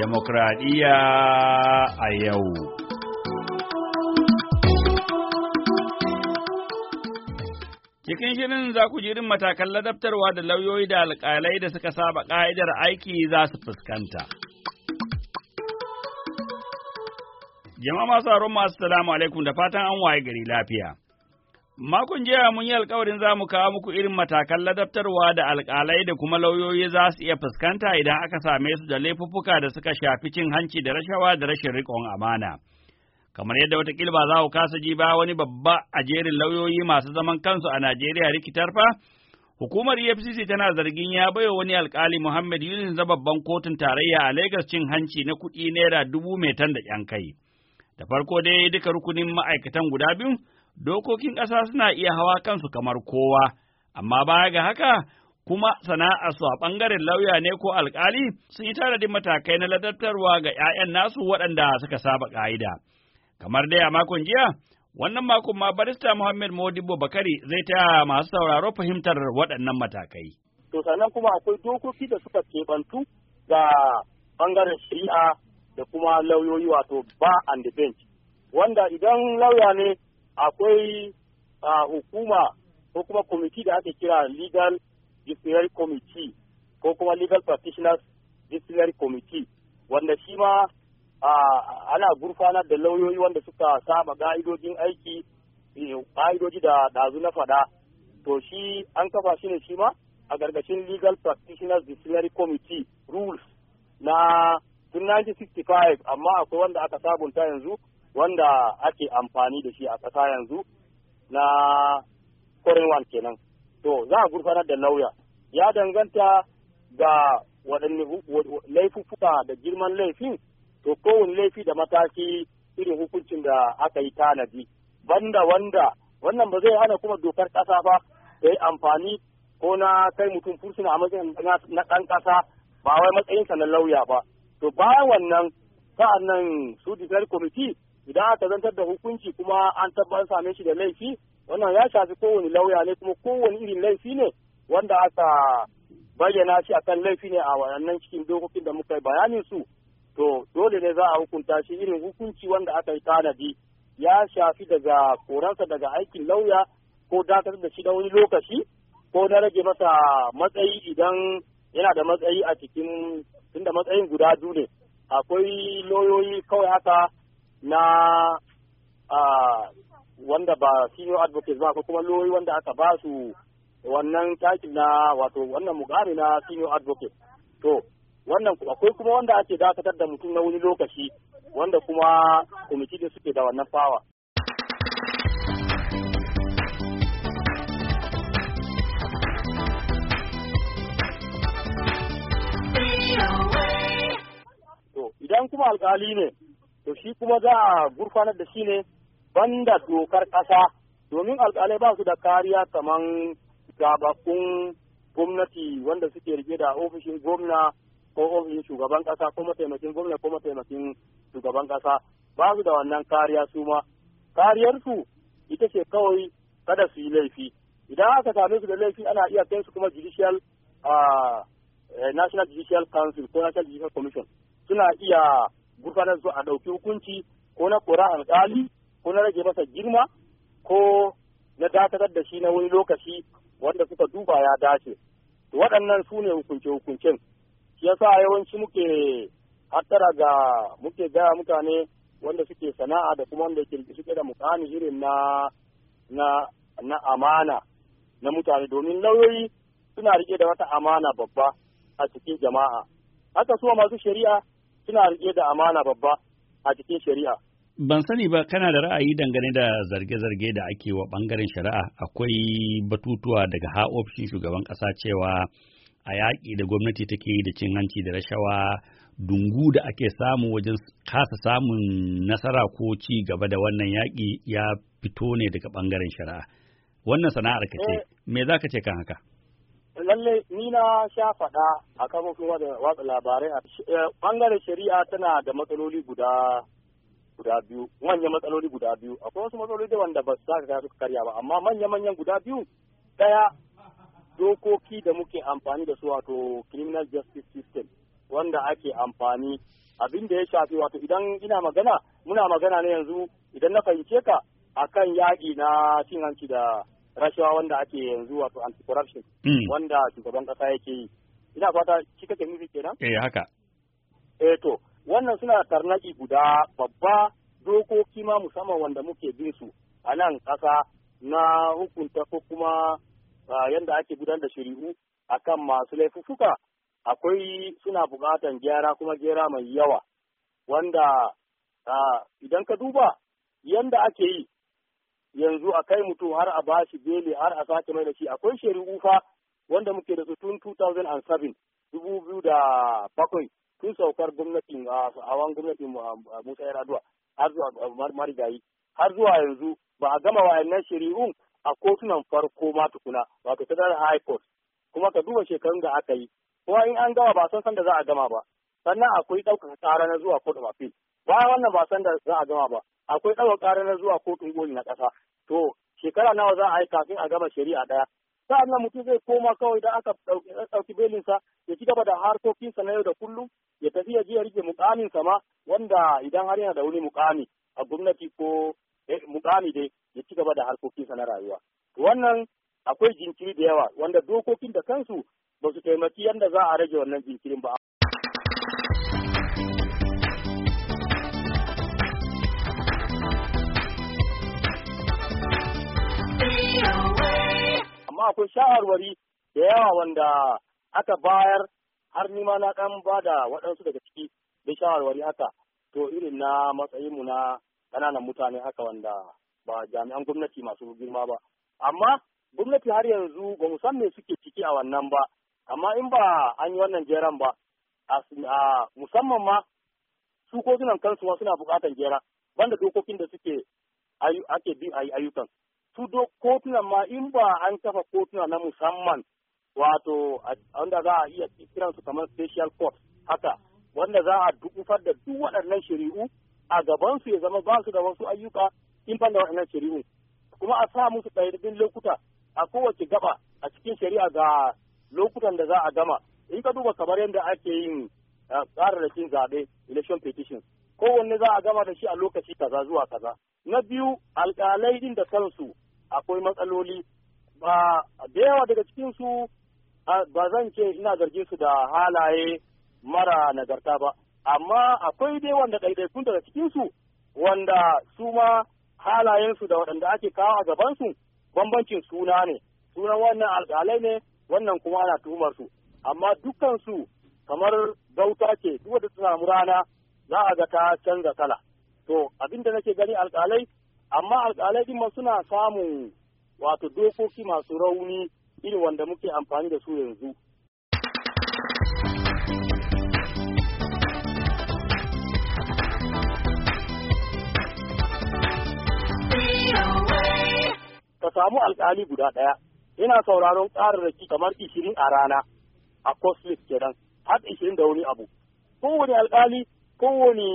demokradiyya a yau. Cikin shirin za ku jirin matakan ladabtarwa da lauyoyi da alƙalai da suka saba ƙa'idar aiki za su fuskanta. Jama'a masu masu salamu alaikum da fatan an waye gari lafiya. Makon jiya mun yi alkawarin za mu kawo muku irin matakan ladabtarwa da alkalai da kuma lauyoyi za su iya fuskanta idan aka same su da laifuffuka da suka shafi cin hanci da rashawa da rashin riƙon amana. Kamar yadda watakila ba za ku kasa ji ba wani babba a jerin lauyoyi masu zaman kansu a Najeriya rikitar fa, hukumar EFCC tana zargin ya baiwa wani alkali Muhammad Yunus na babban kotun tarayya a Lagos cin hanci na kuɗi naira dubu mai tan da ƴan kai. Da farko dai duka rukunin ma'aikatan guda biyu dokokin ƙasa suna iya hawa kansu kamar kowa, amma baya ga haka kuma sana'arsu a ɓangaren lauya ne ko alƙali sun yi tanadin matakai na ladabtarwa ga ‘ya'yan nasu waɗanda suka saba ƙa'ida. Kamar dai a makon jiya, wannan makon ma barista Muhammad Modibo Bakari zai taya masu sauraro fahimtar waɗannan matakai. To sannan kuma akwai dokoki da suka keɓantu ga ɓangaren shari'a da kuma lauyoyi wato ba and bench. Wanda idan lauya ne akwai hukuma ko kuma kwamiti da ake kira legal disciplinary committee ko kuma legal practitioners disciplinary committee wanda shi ma ana gurfanar da lauyoyi wanda suka saba ga'idojin aiki ƙa'idoji eh, da ɗazu na faɗa to shi an kafa shi ne shi ma a gargashin legal practitioners disciplinary committee rules na tun 1965 amma akwai wanda aka sabunta yanzu wanda ake amfani da shi a ƙasa yanzu na foreign kenan to za a gurfanar da lauya ya danganta ga waɗanne laifuffuka da girman laifin to kowane laifi da mataki irin hukuncin da aka yi tanadi banda wanda wannan ba zai hana kuma dokar ƙasa ba yi amfani ko na kai mutum fursuna a matsayin na ɗan ƙasa ba wai matsayinsa na lauya ba to bayan wannan sa'an nan su committee idan aka zantar da hukunci kuma an tabbatar same shi da laifi wannan ya shafi kowane lauya ne kuma kowane irin laifi ne wanda aka bayyana shi akan laifi ne a wannan cikin dokokin da muka yi bayanin su to dole ne za a hukunta shi irin hukunci wanda aka yi tanadi ya shafi daga koransa daga aikin lauya ko dakatar da shi da wani lokaci ko na rage masa matsayi idan yana da matsayi a cikin tunda matsayin guda biyu ne akwai lauyoyi kawai haka na wanda ba senior advocate ba ko kuma loyi wanda aka ba su wannan takin na wato wannan mukami na senior advocate to wannan akwai kuma wanda ake dakatar da mutum na wani lokaci wanda kuma committee da suke da wannan fawa idan kuma alkali ne to shi kuma za a gurfanar da shi ne banda dokar kasa domin alƙalai ba su da kariya kaman gabakun gwamnati wanda suke rike da ofishin gwamna ko ofishin shugaban ƙasa ko mataimakin gwamna ko mataimakin shugaban ƙasa ba su da wannan kariya su ma kariyarsu ita ce kawai kada su yi laifi idan aka same su da laifi ana iya kai su kuma judicial ah, eh, national judicial council ko national judicial commission suna iya gurfanar su a ɗauki hukunci ko na kora alƙali ko na rage masa girma ko na dakatar da shi na wani lokaci wanda suka duba ya dace waɗannan su ne hukunce-hukuncen shi yasa yawanci muke hattara ga muke gaya mutane wanda suke sana'a da kuma wanda suke da mukami irin na na amana na mutane domin lauyoyi suna rike da wata amana babba a cikin jama'a haka su masu shari'a suna rike da amana babba a cikin shari'a. Ban sani ba kana da ra'ayi dangane da zarge-zarge da ake wa bangaren shari'a akwai batutuwa daga ha ofishin shugaban ƙasa cewa a yaƙi da gwamnati take yi da cin hanci da rashawa dungu da ake samu wajen kasa samun nasara ko ci gaba da wannan yaƙi ya fito ne daga ɓangaren shari'a wannan sana'ar ka ce eh, me za ka ce kan haka lalle ni na sha faɗa a da watsa labarai a bangaren eh, shari'a tana da matsaloli guda guda biyu manyan matsaloli guda biyu akwai wasu matsaloli da wanda ba su ka suka karya ba amma manya-manyan guda biyu ɗaya dokoki da muke amfani da su wato criminal justice system wanda ake amfani abin da ya shafi wato idan ina magana muna magana ne yanzu idan na fahimce ka akan yaƙi na cin hanci da rashawa wanda ake yanzu wato anti corruption hmm. wanda shugaban kasa yake yi ina fata shi kake nufi kenan eh haka eh to wannan suna tarnaki guda babba dokoki ma musamman wanda muke bin su a nan kasa na hukunta ko kuma yadda ake gudanar da shari'u akan masu laifuka akwai suna buƙatan gyara kuma gyara mai yawa wanda idan ka duba yanda ake yi yanzu a kai mutum har a bashi beli har a sake mai da shi akwai shari'u fa wanda muke da su tun 2007 dubu biyu da bakwai tun saukar gwamnatin a gwamnatin Musa Yar'adua har zuwa marigayi har zuwa yanzu ba a gama wayannan shari'un a kotunan farko ma tukuna wato ta high court kuma ka duba shekarun da aka yi kuma in an gama ba san san da za a gama ba sannan akwai ɗaukaka tsara na zuwa court of appeal bayan wannan ba san da za a gama ba akwai ɗaga ƙara na zuwa kotun koli na ƙasa to shekara nawa za a yi kafin a gama shari'a ɗaya sa'an nan mutum zai koma kawai da aka ɗauki belinsa ya ci gaba da harkokinsa na yau da kullum ya tafi ya je ya rike mukaminsa ma wanda idan har yana da wani mukami a gwamnati ko eh, muƙami dai ya ci gaba da harkokinsa na rayuwa wannan akwai jinkiri da yawa wanda dokokin da kansu ba su taimaki yadda za a rage wannan jinkirin ba akwai shawarwari da yawa wanda aka bayar har nima na kan ba da waɗansu daga ciki da shawarwari haka to irin na matsayinmu na ƙananan mutane haka wanda ba jami'an gwamnati masu girma ba amma gwamnati har yanzu ba mu san me suke ciki a wannan ba amma in ba an yi wannan jeran ba a musamman ma su kotunan kansu ma suna buƙatar jera banda dokokin da suke ake bi ayyukan su dok kotunan ma in ba an kafa kotuna na musamman wato wanda za a iya kiran su kamar special court haka wanda za a dukufar da duk waɗannan shari'u a gaban su ya zama ba su da wasu ayyuka in ban da waɗannan shari'u kuma a sa musu ɗaiɗaɗɗun lokuta a kowace gaba a cikin shari'a ga lokutan da za a gama in ka duba kamar yadda ake yin tsararrakin zaɓe election petitions kowanne za a gama da shi a lokaci kaza zuwa kaza na biyu alƙalai din da kansu akwai matsaloli ba da yawa daga cikinsu ba zan ce ina zargin su da halaye mara nagarta ba amma akwai dai wanda ɗaiɗaikun daga cikinsu wanda su ma halayensu da waɗanda ake kawo a gabansu bambancin suna ne sunan wannan alƙalai ne wannan kuma ana tuhumar su amma dukkansu kamar gauta ce duk da suna murana rana za a ga ta canza kala to abinda nake gani alƙalai amma alƙalai ma suna samun wato dokoki masu rauni irin wanda muke amfani da su yanzu ka samu alƙali guda ɗaya ina sauraron ƙararraki kamar ishirin a rana a cosmic kenan har ishirin da wani abu kowane alƙali kowane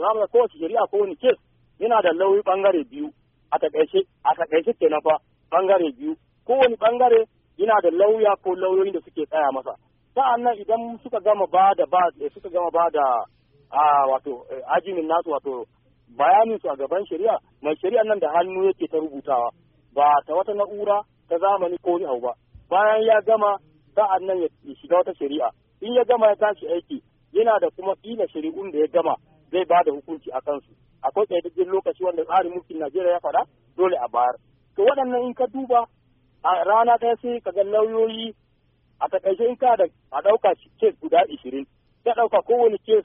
ramar kowace shari'a kowane kes yana da lauyi bangare biyu a takaice a takaice kenan fa bangare biyu kowane bangare yana da lauya ko lauyoyin da suke tsaya masa sa'annan idan suka gama ba da ba eh, suka gama ba da a wato eh, ajimin nasu wato bayanin su a gaban shari'a mai shari'a nan da hannu yake ta rubutawa ba ta wata na'ura ta zamani ko ni ba bayan ya gama nan ya shiga wata shari'a in ya gama ya tashi aiki yana da kuma kila shari'un da ya gama zai ba da hukunci a kansu akwai ƙaidajen lokaci wanda tsarin mulkin Najeriya ya faɗa dole a bayar. To waɗannan in ka duba a rana ɗaya sai ka ga lauyoyi a taƙaice in ka da a ɗauka kes guda ishirin ta ɗauka kowane kes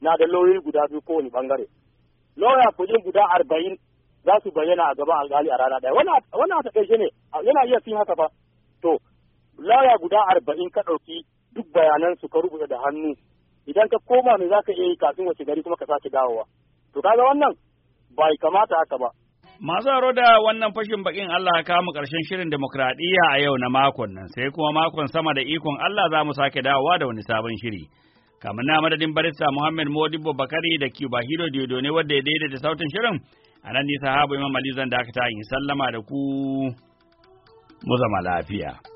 na da lauyoyi guda biyu kowane ɓangare. Lauya kudin guda arba'in za su bayyana a gaban alƙali a rana ɗaya. Wannan a taƙaice ne yana iya fin haka ba. To lauya guda arba'in ka ɗauki duk bayanansu ka rubuta da hannu idan ka koma ne za ka iya yi kafin wace gari kuma ka sake dawowa. To kaga wannan bai kamata haka ba. Masu haro da wannan fashin bakin Allah ka mu ƙarshen shirin demokradiyya a yau na makon nan sai kuma makon sama da ikon Allah za mu sake dawowa da wani sabon shiri. Kamar na madadin barista Muhammad Modibo Bakari da Kiba Hiro Diodo ne wadda ya daidaita sautin shirin a nan nisa habu Imam Ali zan dakata in sallama da ku mu zama lafiya.